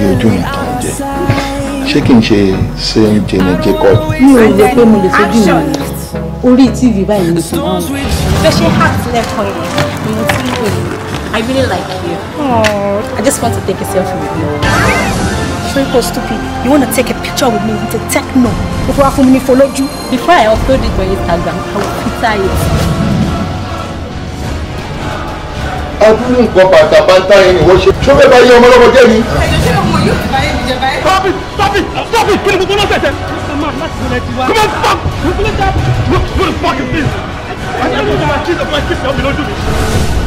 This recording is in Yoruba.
bí ojú mi tàn jẹ ṣé kí n ṣe ṣe ń jẹnẹ Jacob. mi ò rò pé mo lè fojú mi orí tv báyìí ni sùn náà. special heart lẹ́kọ̀ọ́ yẹn ni mo ti ń wò yìí I really like you. Aww. I just want to take a selfie with you. Shreko stupid, you want to take a picture with me with a techno before I fully follow you? Before I upload it on Instagram, I will filter it. Adúlù nǹkan bàtà bàtà yẹn ni wọ́n ṣe. Ṣé o fẹ́ bá yẹ ọmọ lọ́wọ́ jẹ́ Stop it! Stop it! Stop it! Qu'est-ce que vous voulez faire Comment stop What the fuck is this? I my kids